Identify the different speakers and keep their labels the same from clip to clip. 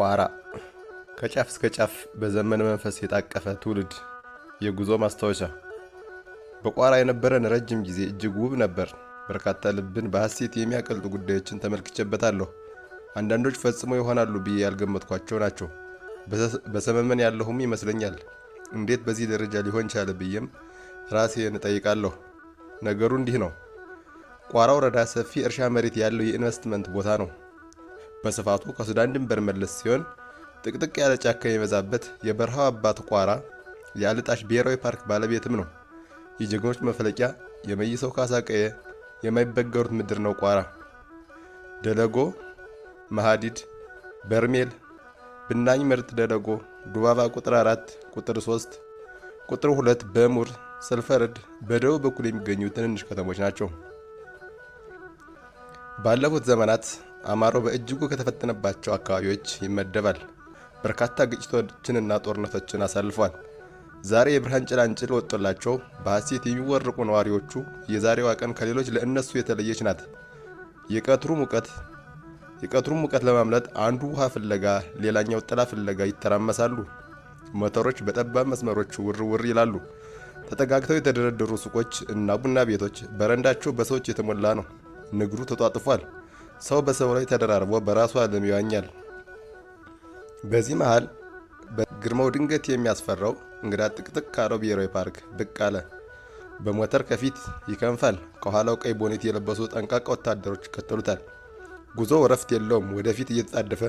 Speaker 1: ቋራ ከጫፍ እስከ ጫፍ በዘመን መንፈስ የታቀፈ ትውልድ የጉዞ ማስታወሻ። በቋራ የነበረን ረጅም ጊዜ እጅግ ውብ ነበር። በርካታ ልብን በሐሴት የሚያቀልጡ ጉዳዮችን ተመልክቼበታለሁ። አንዳንዶች ፈጽሞ ይሆናሉ ብዬ ያልገመትኳቸው ናቸው። በሰመመን ያለሁም ይመስለኛል። እንዴት በዚህ ደረጃ ሊሆን ቻለ ብዬም ራሴን እጠይቃለሁ። ነገሩ እንዲህ ነው። ቋራ ወረዳ ሰፊ እርሻ መሬት ያለው የኢንቨስትመንት ቦታ ነው። በስፋቱ ከሱዳን ድንበር መለስ ሲሆን ጥቅጥቅ ያለ ጫካ የበዛበት የበረሃው አባት ቋራ የአልጣሽ ብሔራዊ ፓርክ ባለቤትም ነው። የጀግኖች መፈለቂያ የመይሰው ካሳ ቀየ የማይበገሩት ምድር ነው ቋራ። ደለጎ፣ መሃዲድ፣ በርሜል፣ ብናኝ ምርጥ ደለጎ፣ ዱባባ ቁጥር 4 ቁጥር 3 ቁጥር 2 በሙር ሰልፈረድ በደቡብ በኩል የሚገኙ ትንንሽ ከተሞች ናቸው። ባለፉት ዘመናት አማሮ በእጅጉ ከተፈተነባቸው አካባቢዎች ይመደባል። በርካታ ግጭቶችንና ጦርነቶችን አሳልፏል። ዛሬ የብርሃን ጭላንጭል ወጥቶላቸው በሐሴት የሚወርቁ ነዋሪዎቹ የዛሬዋ ቀን ከሌሎች ለእነሱ የተለየች ናት። የቀትሩ ሙቀት ሙቀት ለማምለጥ አንዱ ውሃ ፍለጋ፣ ሌላኛው ጥላ ፍለጋ ይተራመሳሉ። ሞተሮች በጠባብ መስመሮች ውርውር ይላሉ። ተጠጋግተው የተደረደሩ ሱቆች እና ቡና ቤቶች በረንዳቸው በሰዎች የተሞላ ነው። ንግዱ ተጧጥፏል። ሰው በሰው ላይ ተደራርቦ በራሱ ዓለም ይዋኛል። በዚህ መሃል በግርማው ድንገት የሚያስፈራው እንግዳ ጥቅጥቅ ካለው ብሔራዊ ፓርክ ብቅ አለ። በሞተር ከፊት ይከንፋል። ከኋላው ቀይ ቦኔት የለበሱ ጠንቃቃ ወታደሮች ይከተሉታል። ጉዞ እረፍት የለውም። ወደፊት እየተጣደፈ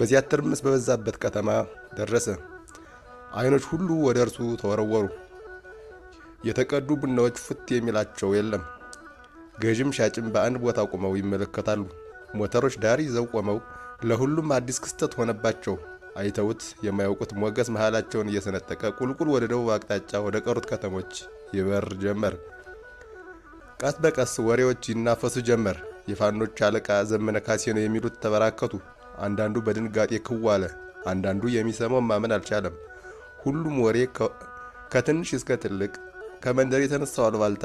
Speaker 1: በዚያ ትርምስ በበዛበት ከተማ ደረሰ። አይኖች ሁሉ ወደ እርሱ ተወረወሩ። የተቀዱ ቡናዎች ፉት የሚላቸው የለም። ገዥም ሻጭም በአንድ ቦታ ቆመው ይመለከታሉ። ሞተሮች ዳር ይዘው ቆመው ለሁሉም አዲስ ክስተት ሆነባቸው። አይተውት የማያውቁት ሞገስ መሃላቸውን እየሰነጠቀ ቁልቁል ወደ ደቡብ አቅጣጫ ወደ ቀሩት ከተሞች ይበር ጀመር። ቀስ በቀስ ወሬዎች ይናፈሱ ጀመር። የፋኖች አለቃ ዘመነ ካሴ ነው የሚሉት ተበራከቱ። አንዳንዱ በድንጋጤ ክው አለ። አንዳንዱ የሚሰማው ማመን አልቻለም። ሁሉም ወሬ ከትንሽ እስከ ትልቅ ከመንደር የተነሳው አልባልታ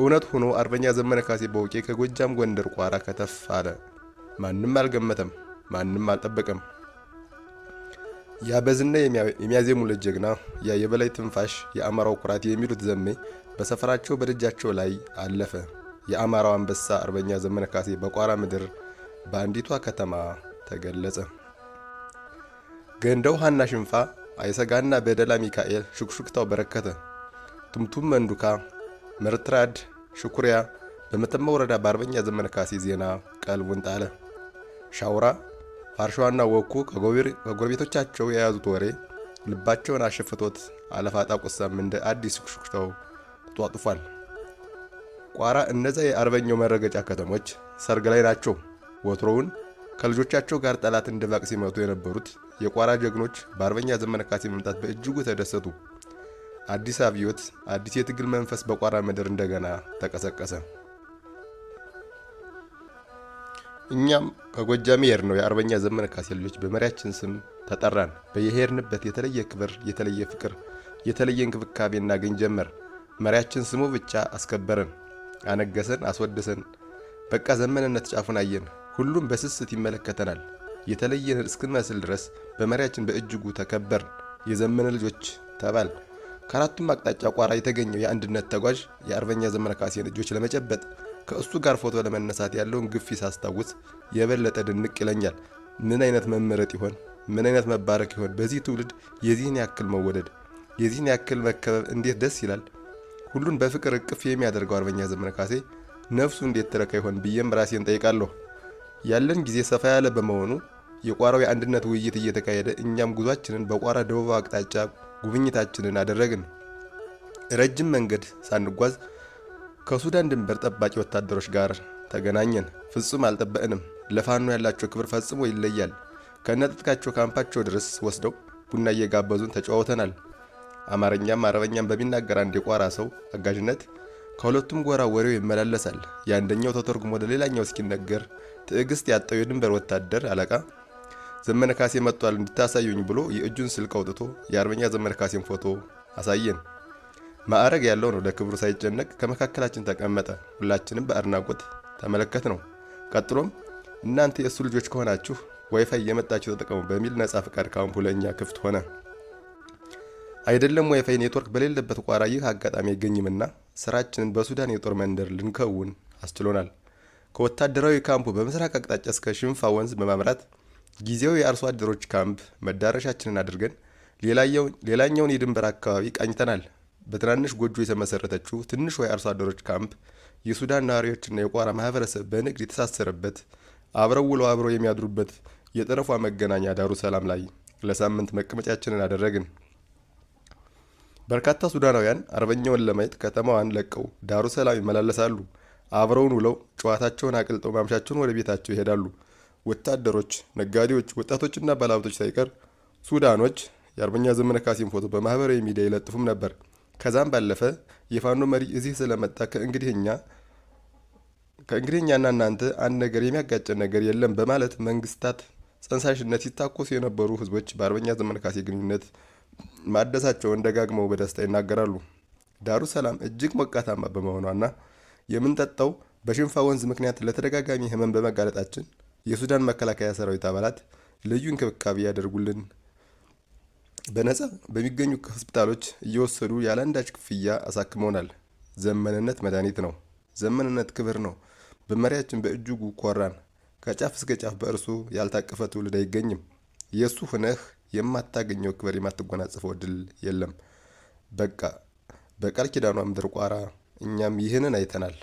Speaker 1: እውነት ሆኖ አርበኛ ዘመነ ካሴ በውቄ ከጎጃም ጎንደር ቋራ ከተፍ አለ። ማንም አልገመተም፣ ማንም አልጠበቀም። ያበዝና የሚያዜሙለት ጀግና፣ ያ የበላይ ትንፋሽ፣ የአማራው ኩራት የሚሉት ዘሜ በሰፈራቸው በደጃቸው ላይ አለፈ። የአማራው አንበሳ አርበኛ ዘመነ ካሴ በቋራ ምድር በአንዲቷ ከተማ ተገለጸ። ገንዳው ውሃና ሽንፋ፣ አይሰጋና በደላ ሚካኤል፣ ሹክሹክታው በረከተ፣ ቱምቱም መንዱካ ምርትራድ ሽኩሪያ በመተማ ወረዳ በአርበኛ ዘመነ ካሴ ዜና ቀልቡን ጣለ። ሻውራ ፋርሻዋና ወኩ ከጎረቤቶቻቸው የያዙት ወሬ ልባቸውን አሸፍቶት አለፋጣ ቁሳም እንደ አዲስ ሹክሹክታው ተጧጡፏል። ቋራ እነዚያ የአርበኛው መረገጫ ከተሞች ሰርግ ላይ ናቸው። ወትሮውን ከልጆቻቸው ጋር ጠላት እንደ ባቅ ሲመቱ የነበሩት የቋራ ጀግኖች በአርበኛ ዘመነ ካሴ መምጣት በእጅጉ ተደሰቱ። አዲስ አብዮት፣ አዲስ የትግል መንፈስ በቋራ ምድር እንደገና ተቀሰቀሰ። እኛም ከጎጃም ነው የአርበኛ ዘመነ ካሴ ልጆች በመሪያችን ስም ተጠራን። በየሄድንበት የተለየ ክብር፣ የተለየ ፍቅር፣ የተለየ እንክብካቤ እናገኝ ጀመር። መሪያችን ስሙ ብቻ አስከበረን፣ አነገሰን፣ አስወደሰን። በቃ ዘመንነት ጫፉን አየን። ሁሉም በስስት ይመለከተናል። የተለየን እስክንመስል ድረስ በመሪያችን በእጅጉ ተከበር የዘመነ ልጆች ተባል ከአራቱም አቅጣጫ ቋራ የተገኘው የአንድነት ተጓዥ የአርበኛ ዘመነ ካሴን እጆች ለመጨበጥ ከእሱ ጋር ፎቶ ለመነሳት ያለውን ግፊ ሳስታውስ የበለጠ ድንቅ ይለኛል። ምን አይነት መመረጥ ይሆን? ምን አይነት መባረክ ይሆን? በዚህ ትውልድ የዚህን ያክል መወደድ፣ የዚህን ያክል መከበብ እንዴት ደስ ይላል! ሁሉን በፍቅር እቅፍ የሚያደርገው አርበኛ ዘመነ ካሴ ነፍሱ እንዴት ትረካ ይሆን ብዬም ራሴን ጠይቃለሁ። ያለን ጊዜ ሰፋ ያለ በመሆኑ የቋራው የአንድነት ውይይት እየተካሄደ እኛም ጉዟችንን በቋራ ደቡብ አቅጣጫ ጉብኝታችንን አደረግን። ረጅም መንገድ ሳንጓዝ ከሱዳን ድንበር ጠባቂ ወታደሮች ጋር ተገናኘን። ፍጹም አልጠበቅንም። ለፋኖ ያላቸው ክብር ፈጽሞ ይለያል። ከነጥጥቃቸው ካምፓቸው ድረስ ወስደው ቡና እየጋበዙን ተጨዋውተናል። አማርኛም አረበኛም በሚናገር አንድ የቋራ ሰው አጋዥነት ከሁለቱም ጎራ ወሬው ይመላለሳል። የአንደኛው ተተርጉሞ ወደ ሌላኛው እስኪነገር ትዕግስት ያጣው የድንበር ወታደር አለቃ ዘመነ ካሴ መጥቷል እንድታሳዩኝ ብሎ የእጁን ስልክ አውጥቶ የአርበኛ ዘመነ ካሴን ፎቶ አሳየን። ማዕረግ ያለው ነው፣ ለክብሩ ሳይጨነቅ ከመካከላችን ተቀመጠ። ሁላችንም በአድናቆት ተመለከት ነው። ቀጥሎም እናንተ የእሱ ልጆች ከሆናችሁ ዋይፋይ እየመጣችሁ ተጠቀሙ በሚል ነጻ ፍቃድ ካምፑ ለእኛ ክፍት ሆነ። አይደለም ዋይፋይ ኔትወርክ በሌለበት ቋራ ይህ አጋጣሚ አይገኝምና ስራችንን በሱዳን የጦር መንደር ልንከውን አስችሎናል። ከወታደራዊ ካምፑ በምስራቅ አቅጣጫ እስከ ሽንፋ ወንዝ በማምራት ጊዜው የአርሶ አደሮች ካምፕ መዳረሻችንን አድርገን ሌላኛውን የድንበር አካባቢ ቃኝተናል። በትናንሽ ጎጆ የተመሰረተችው ትንሿ የአርሶ አደሮች ካምፕ የሱዳን ነዋሪዎችና የቋራ ማህበረሰብ በንግድ የተሳሰረበት አብረው ውለው አብረው የሚያድሩበት የጠረፏ መገናኛ ዳሩ ሰላም ላይ ለሳምንት መቀመጫችንን አደረግን። በርካታ ሱዳናውያን አርበኛውን ለማየት ከተማዋን ለቀው ዳሩ ሰላም ይመላለሳሉ። አብረውን ውለው ጨዋታቸውን አቅልጠው ማምሻቸውን ወደ ቤታቸው ይሄዳሉ። ወታደሮች፣ ነጋዴዎች፣ ወጣቶችና ባለሀብቶች ሳይቀር ሱዳኖች የአርበኛ ዘመነ ካሴን ፎቶ በማህበራዊ ሚዲያ ይለጥፉም ነበር። ከዛም ባለፈ የፋኖ መሪ እዚህ ስለመጣ ከእንግዲህኛና እናንተ አንድ ነገር የሚያጋጨን ነገር የለም በማለት መንግስታት ጸንሳሽነት ሲታኮሱ የነበሩ ህዝቦች በአርበኛ ዘመነ ካሴ ግንኙነት ማደሳቸውን ደጋግመው በደስታ ይናገራሉ። ዳሩ ሰላም እጅግ ሞቃታማ በመሆኗና የምንጠጣው በሽንፋ ወንዝ ምክንያት ለተደጋጋሚ ህመም በመጋለጣችን የሱዳን መከላከያ ሰራዊት አባላት ልዩ እንክብካቤ ያደርጉልን፣ በነጻ በሚገኙ ሆስፒታሎች እየወሰዱ ያለአንዳች ክፍያ አሳክመውናል። ዘመንነት መድኃኒት ነው። ዘመንነት ክብር ነው። በመሪያችን በእጅጉ ኮራን። ከጫፍ እስከ ጫፍ በእርሱ ያልታቀፈ ትውልድ አይገኝም። የእሱ ሁነህ የማታገኘው ክብር የማትጎናጽፈው ድል የለም። በቃ በቃል ኪዳኗ ምድር ቋራ እኛም ይህንን አይተናል።